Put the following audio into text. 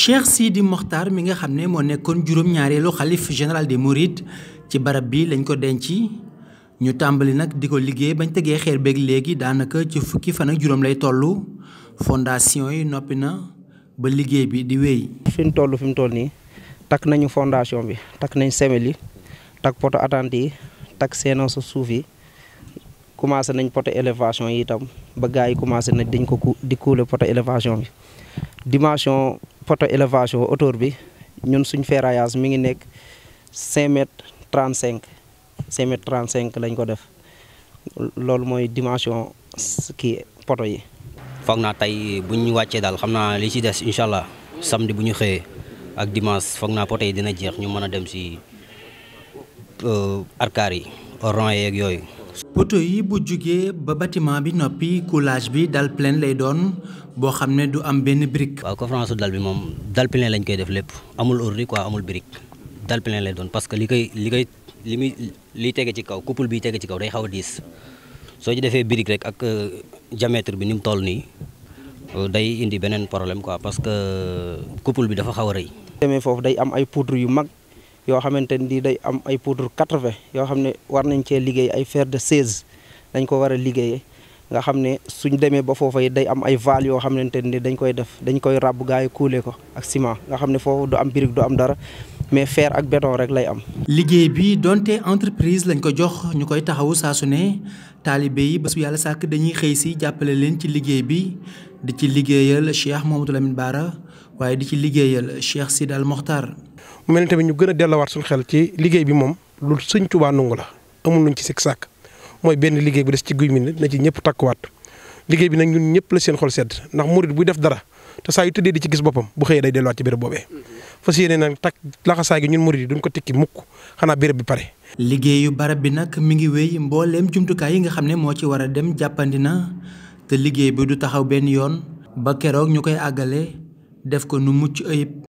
Cheikh Sidi moxtar mi nga xam ne moo nekkoon juróom-ñaareelu xalif général des Mourides ci barab bi lañ ko denc ñu tàmbali nag di ko liggéey bañ tegee xeer beeg léegi daanaka ci fukki fan ak juróom lay tollu fondation yi noppi na ba liggéey bi di wéy. fi mu toll fi toll nii takk nañu fondation bi takk nañ semel yi takk poto attente takk seenoo suuf yi commencé nañ poto élévation yi itam ba gars yi commencé nañ dañ ko di kuule poto élévation bi. dimension poto élévation hauteur bi ñun suñ ferraillage mi ngi nekk 5 mètres 35 5 mètres 35 lañ ko def loolu mooy dimension kii poto yi. foog naa tey buñ ñu wàccee daal xam naa li ci des incha allah samedi bu ñu xëyee ak dimanche foog naa poto yi dina jeex ñu mën a dem si euh, arkaar yi rond yeeg yooyu. poto yi bu jugee ba bâtiment bi noppi coulage bi dal plein lay doon boo xam ne du am benn brique. waaw conférence dal bi moom dal plein lañ koy def lépp amul ordi quoi amul brique dal plein lay doon parce que li koy li koy li muy li tege ci kaw couple bi tege ci kaw day xaw a diis soo ci defee brique rek ak euh, diamètre bi ni mu toll nii euh, day indi beneen problème quoi parce que couple bi dafa xaw a rëy. demee foofu day am ay poudre yu mag. yoo xamante ni day am ay poudre quatre-vingt yoo xam ne war nañ cee liggéey ay faire de seize dañ ko war a liggéeyee nga xam ne suñ demee ba foofa it day am ay vaal yoo xamante ni dañ koy def dañ koy ràbb gaa yi kuule ko ak ciment nga xam ne foofu du am brique du am dara mais fer ak béton rek lay am. liggéey bi donte entreprise lañ ko jox ñu koy taxawu saa su ne taalibe yi ba su yàlla sàkk dañuy xëy si jàppale leen ci liggéey bi di ci liggéeyal Cheikh Mamadou Lamine baara waaye di ci liggéeyal Cheikh si Al Mokhtar. mu mel ni tamit ñu gën a waat suñu xel ci liggéey bi moom lu sëñ Tuubaa nangu la amul luñ ci sikk sàkk mooy benn liggéey bu des ci guy mi na ci ñëpp takkuwaat liggéey bi nag ñun ñëpp la seen xol sedd ndax murid buy def dara. te saa yu tëddee di ci gis boppam bu xëyee day delluwaat ci béréb boobee fas yéene nag takk laxasaay gi ñun murid yi duñ ko tikki mukk xanaa béréb bi pare. liggéeyu barab bi nag mi ngi wéy mbooleem jumtukaay yi nga xam ne moo ci war a dem jàppandi na te liggéey bi du taxaw benn yoon ba keroog ñu koy àggale def ko nu mucc ayib.